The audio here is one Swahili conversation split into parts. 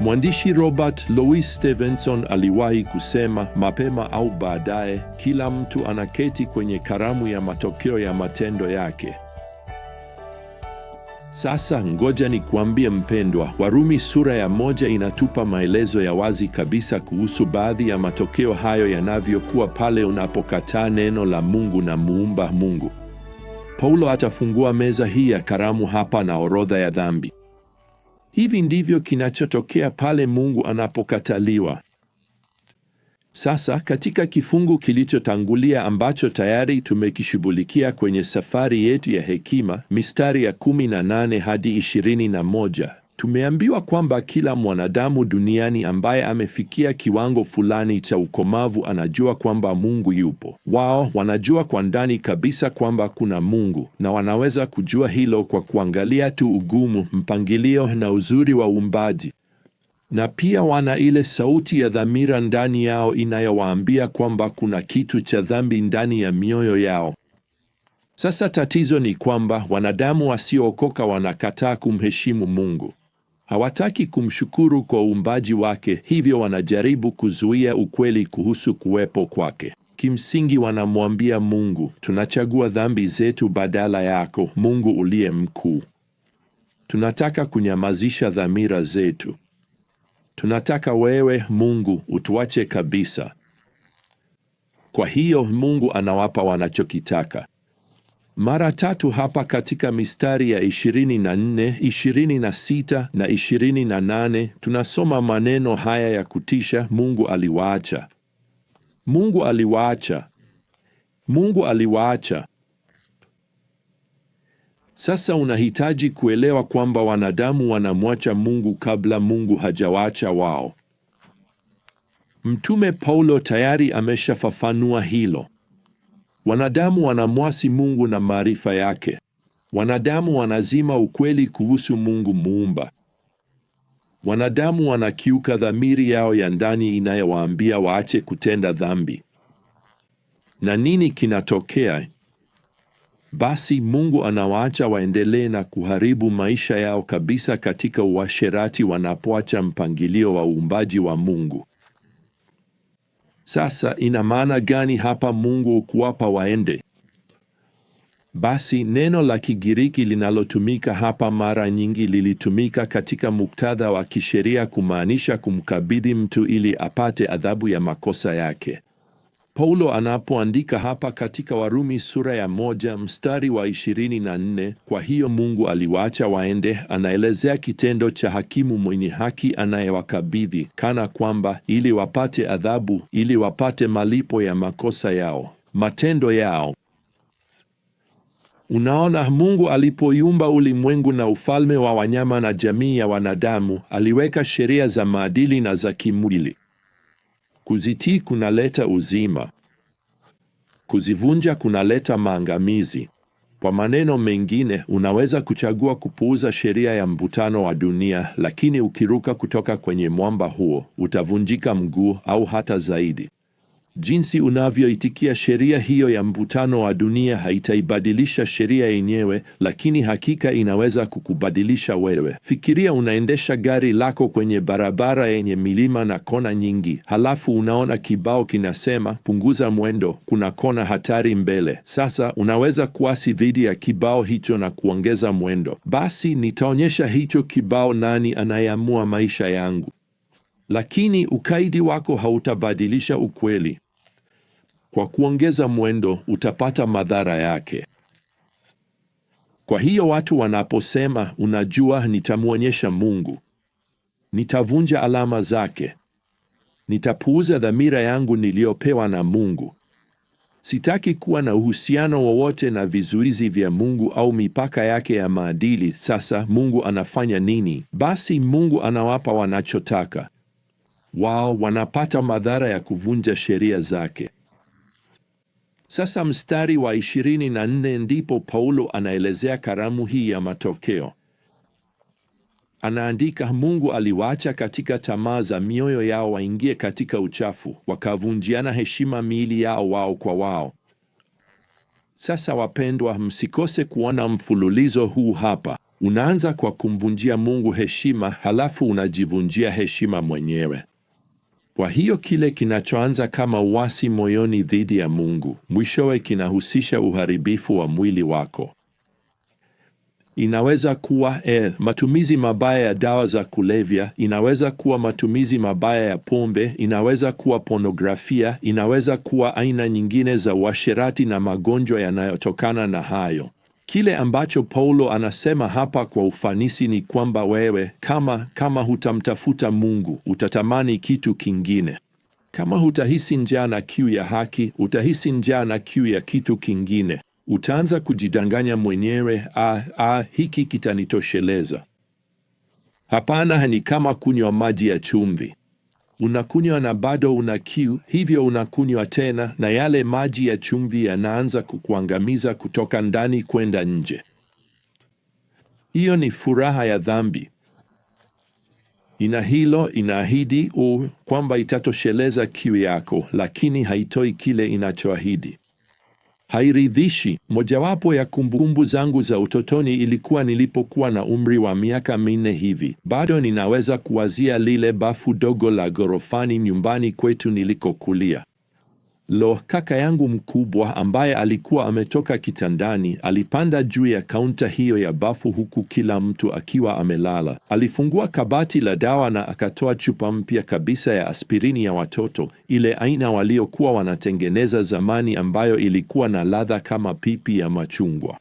Mwandishi Robert Louis Stevenson aliwahi kusema, mapema au baadaye, kila mtu anaketi kwenye karamu ya matokeo ya matendo yake. Sasa ngoja ni kuambie mpendwa, Warumi sura ya moja inatupa maelezo ya wazi kabisa kuhusu baadhi ya matokeo hayo yanavyokuwa pale unapokataa neno la Mungu na muumba Mungu. Paulo atafungua meza hii ya karamu hapa na orodha ya dhambi. Hivi ndivyo kinachotokea pale Mungu anapokataliwa. Sasa katika kifungu kilichotangulia ambacho tayari tumekishughulikia kwenye safari yetu ya hekima, mistari ya 18 hadi 21, Tumeambiwa kwamba kila mwanadamu duniani ambaye amefikia kiwango fulani cha ukomavu anajua kwamba Mungu yupo. Wao wanajua kwa ndani kabisa kwamba kuna Mungu na wanaweza kujua hilo kwa kuangalia tu ugumu, mpangilio na uzuri wa uumbaji. Na pia wana ile sauti ya dhamira ndani yao inayowaambia kwamba kuna kitu cha dhambi ndani ya mioyo yao. Sasa tatizo ni kwamba wanadamu wasiookoka wanakataa kumheshimu Mungu. Hawataki kumshukuru kwa uumbaji wake, hivyo wanajaribu kuzuia ukweli kuhusu kuwepo kwake. Kimsingi wanamwambia Mungu, tunachagua dhambi zetu badala yako, Mungu uliye mkuu. Tunataka kunyamazisha dhamira zetu. Tunataka wewe, Mungu, utuache kabisa. Kwa hiyo Mungu anawapa wanachokitaka mara tatu hapa katika mistari ya 24, 26 na 28 tunasoma maneno haya ya kutisha: Mungu aliwaacha, Mungu aliwaacha, Mungu aliwaacha. Sasa unahitaji kuelewa kwamba wanadamu wanamwacha Mungu kabla Mungu hajawaacha wao. Mtume Paulo tayari ameshafafanua hilo. Wanadamu wanamwasi Mungu na maarifa yake. Wanadamu wanazima ukweli kuhusu Mungu muumba. Wanadamu wanakiuka dhamiri yao ya ndani inayowaambia waache kutenda dhambi. Na nini kinatokea? Basi Mungu anawaacha waendelee na kuharibu maisha yao kabisa katika uasherati wanapoacha mpangilio wa uumbaji wa Mungu. Sasa ina maana gani hapa Mungu kuwapa waende? Basi neno la Kigiriki linalotumika hapa mara nyingi lilitumika katika muktadha wa kisheria kumaanisha kumkabidhi mtu ili apate adhabu ya makosa yake. Paulo anapoandika hapa katika Warumi sura ya moja mstari wa ishirini na nne, kwa hiyo Mungu aliwaacha waende, anaelezea kitendo cha hakimu mwenye haki anayewakabidhi kana kwamba ili wapate adhabu, ili wapate malipo ya makosa yao, matendo yao. Unaona, Mungu alipoiumba ulimwengu na ufalme wa wanyama na jamii ya wanadamu, aliweka sheria za maadili na za kimwili. Kuzitii kunaleta uzima, kuzivunja kunaleta maangamizi. Kwa maneno mengine, unaweza kuchagua kupuuza sheria ya mvutano wa dunia, lakini ukiruka kutoka kwenye mwamba huo utavunjika mguu au hata zaidi. Jinsi unavyoitikia sheria hiyo ya mvutano wa dunia haitaibadilisha sheria yenyewe, lakini hakika inaweza kukubadilisha wewe. Fikiria unaendesha gari lako kwenye barabara yenye milima na kona nyingi, halafu unaona kibao kinasema punguza mwendo, kuna kona hatari mbele. Sasa unaweza kuasi dhidi ya kibao hicho na kuongeza mwendo. Basi nitaonyesha hicho kibao nani anayeamua maisha yangu. Lakini ukaidi wako hautabadilisha ukweli. Kwa kuongeza mwendo utapata madhara yake. Kwa hiyo watu wanaposema, unajua, nitamwonyesha Mungu, nitavunja alama zake, nitapuuza dhamira yangu niliyopewa na Mungu, sitaki kuwa na uhusiano wowote na vizuizi vya Mungu au mipaka yake ya maadili. Sasa Mungu anafanya nini? Basi Mungu anawapa wanachotaka wao, wanapata madhara ya kuvunja sheria zake. Sasa mstari wa ishirini na nne ndipo Paulo anaelezea karamu hii ya matokeo. Anaandika, Mungu aliwaacha katika tamaa za mioyo yao waingie katika uchafu, wakavunjiana heshima miili yao wao kwa wao. Sasa wapendwa, msikose kuona mfululizo huu hapa. Unaanza kwa kumvunjia Mungu heshima, halafu unajivunjia heshima mwenyewe. Kwa hiyo kile kinachoanza kama uasi moyoni dhidi ya Mungu mwishowe kinahusisha uharibifu wa mwili wako. Inaweza kuwa eh, matumizi mabaya ya dawa za kulevya, inaweza kuwa matumizi mabaya ya pombe, inaweza kuwa ponografia, inaweza kuwa aina nyingine za uasherati na magonjwa yanayotokana na hayo. Kile ambacho Paulo anasema hapa kwa ufanisi ni kwamba wewe kama kama hutamtafuta Mungu utatamani kitu kingine. Kama hutahisi njaa na kiu ya haki, utahisi njaa na kiu ya kitu kingine. Utaanza kujidanganya mwenyewe, a a hiki kitanitosheleza. Hapana, ni kama kunywa maji ya chumvi unakunywa na bado una kiu, hivyo unakunywa tena, na yale maji ya chumvi yanaanza kukuangamiza kutoka ndani kwenda nje. Hiyo ni furaha ya dhambi. Ina hilo inaahidi u kwamba itatosheleza kiu yako, lakini haitoi kile inachoahidi hairidhishi. Mojawapo ya kumbukumbu zangu za utotoni ilikuwa nilipokuwa na umri wa miaka minne hivi. Bado ninaweza kuwazia lile bafu dogo la ghorofani nyumbani kwetu nilikokulia. Lo, kaka yangu mkubwa ambaye alikuwa ametoka kitandani alipanda juu ya kaunta hiyo ya bafu, huku kila mtu akiwa amelala. Alifungua kabati la dawa na akatoa chupa mpya kabisa ya aspirini ya watoto, ile aina waliokuwa wanatengeneza zamani, ambayo ilikuwa na ladha kama pipi ya machungwa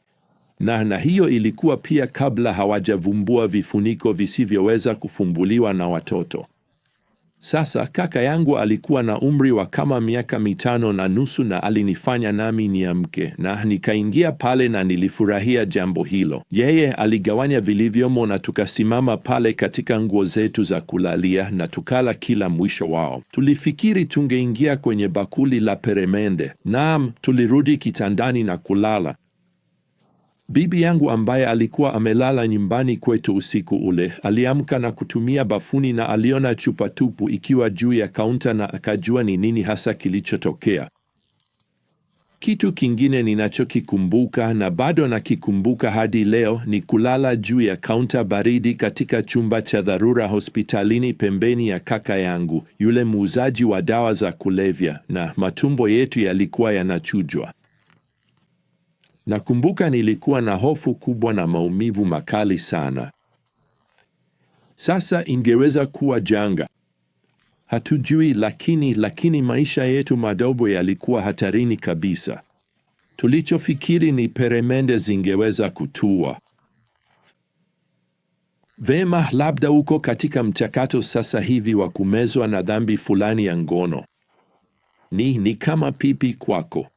na na hiyo ilikuwa pia kabla hawajavumbua vifuniko visivyoweza kufumbuliwa na watoto. Sasa kaka yangu alikuwa na umri wa kama miaka mitano na nusu na alinifanya nami niamke na nikaingia pale na nilifurahia jambo hilo. Yeye aligawanya vilivyomo na tukasimama pale katika nguo zetu za kulalia na tukala kila mwisho wao. Tulifikiri tungeingia kwenye bakuli la peremende. Naam, tulirudi kitandani na kulala. Bibi yangu ambaye alikuwa amelala nyumbani kwetu usiku ule aliamka na kutumia bafuni, na aliona chupa tupu ikiwa juu ya kaunta, na akajua ni nini hasa kilichotokea. Kitu kingine ninachokikumbuka na bado nakikumbuka hadi leo ni kulala juu ya kaunta baridi katika chumba cha dharura hospitalini pembeni ya kaka yangu yule muuzaji wa dawa za kulevya, na matumbo yetu yalikuwa yanachujwa. Nakumbuka nilikuwa na hofu kubwa na maumivu makali sana. Sasa ingeweza kuwa janga, hatujui, lakini lakini maisha yetu madogo yalikuwa hatarini kabisa. Tulichofikiri ni peremende zingeweza kutua. Vema, labda uko katika mchakato sasa hivi wa kumezwa na dhambi fulani ya ngono. Ni ni kama pipi kwako.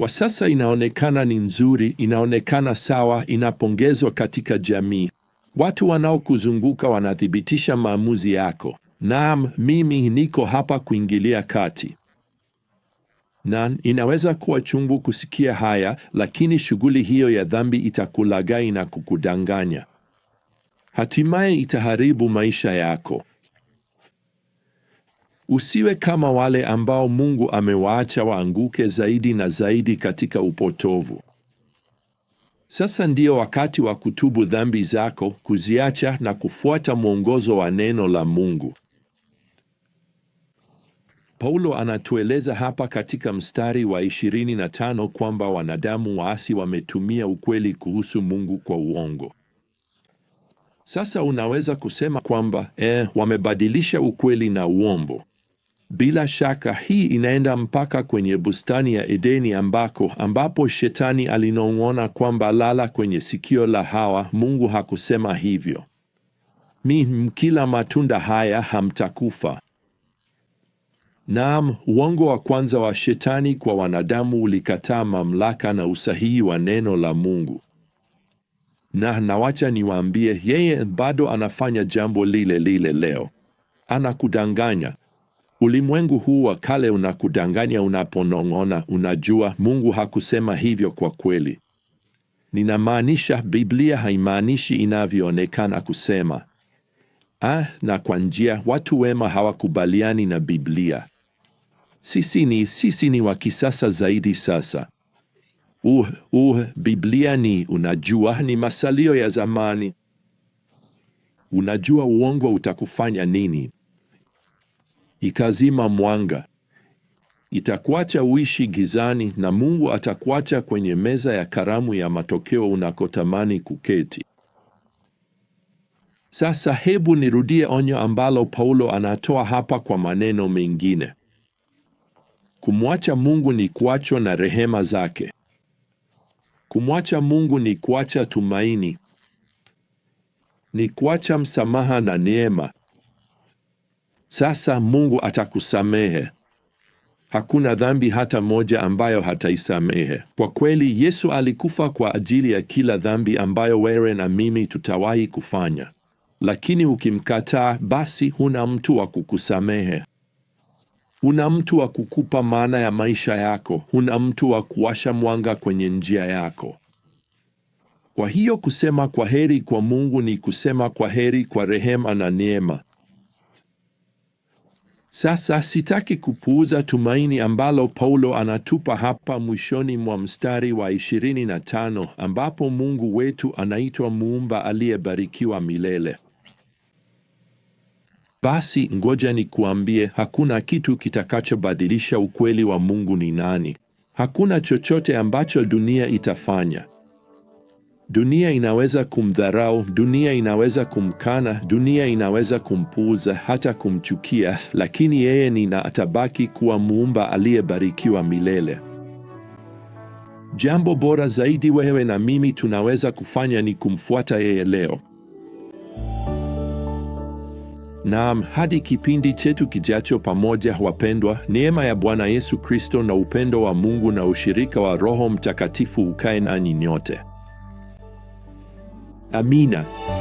Kwa sasa inaonekana ni nzuri, inaonekana sawa, inapongezwa katika jamii. Watu wanaokuzunguka wanathibitisha maamuzi yako. Naam, mimi niko hapa kuingilia kati. Na inaweza kuwa chungu kusikia haya, lakini shughuli hiyo ya dhambi itakulagai na kukudanganya. Hatimaye itaharibu maisha yako. Usiwe kama wale ambao Mungu amewaacha waanguke zaidi na zaidi katika upotovu. Sasa ndiyo wakati wa kutubu dhambi zako, kuziacha na kufuata mwongozo wa neno la Mungu. Paulo anatueleza hapa katika mstari wa 25 kwamba wanadamu waasi wametumia ukweli kuhusu Mungu kwa uongo. Sasa unaweza kusema kwamba eh, wamebadilisha ukweli na uongo. Bila shaka hii inaenda mpaka kwenye bustani ya Edeni ambako ambapo shetani alinong'ona kwamba lala kwenye sikio la Hawa, Mungu hakusema hivyo, mi mkila matunda haya hamtakufa. Naam, uongo wa kwanza wa shetani kwa wanadamu ulikataa mamlaka na usahihi wa neno la Mungu, na nawacha niwaambie, yeye bado anafanya jambo lile lile leo, anakudanganya. Ulimwengu huu wa kale unakudanganya unaponong'ona, unajua Mungu hakusema hivyo kwa kweli. Ninamaanisha Biblia haimaanishi inavyoonekana kusema. Ah, na kwa njia watu wema hawakubaliani na Biblia. Sisi ni sisi ni wa kisasa zaidi sasa. Uh, uh, Biblia ni unajua ni masalio ya zamani. Unajua uongo utakufanya nini? ikazima mwanga, itakuacha uishi gizani, na Mungu atakuacha kwenye meza ya karamu ya matokeo unakotamani kuketi. Sasa hebu nirudie onyo ambalo Paulo anatoa hapa kwa maneno mengine. Kumwacha Mungu ni kuachwa na rehema zake. Kumwacha Mungu ni kuacha tumaini, ni kuacha msamaha na neema. Sasa Mungu atakusamehe. Hakuna dhambi hata moja ambayo hataisamehe. Kwa kweli, Yesu alikufa kwa ajili ya kila dhambi ambayo wewe na mimi tutawahi kufanya, lakini ukimkataa, basi huna mtu wa kukusamehe, huna mtu wa kukupa maana ya maisha yako, huna mtu wa kuwasha mwanga kwenye njia yako. Kwa hiyo kusema kwa heri kwa Mungu ni kusema kwa heri kwa rehema na neema. Sasa sitaki kupuuza tumaini ambalo Paulo anatupa hapa mwishoni mwa mstari wa 25 ambapo Mungu wetu anaitwa muumba aliyebarikiwa milele. Basi ngoja nikuambie, hakuna kitu kitakachobadilisha ukweli wa Mungu ni nani. Hakuna chochote ambacho dunia itafanya. Dunia inaweza kumdharau, dunia inaweza kumkana, dunia inaweza kumpuuza, hata kumchukia, lakini yeye ni na atabaki kuwa muumba aliyebarikiwa milele. Jambo bora zaidi wewe na mimi tunaweza kufanya ni kumfuata yeye leo. Naam, hadi kipindi chetu kijacho pamoja, wapendwa, neema ya Bwana Yesu Kristo na upendo wa Mungu na ushirika wa Roho Mtakatifu ukae nanyi nyote. Amina.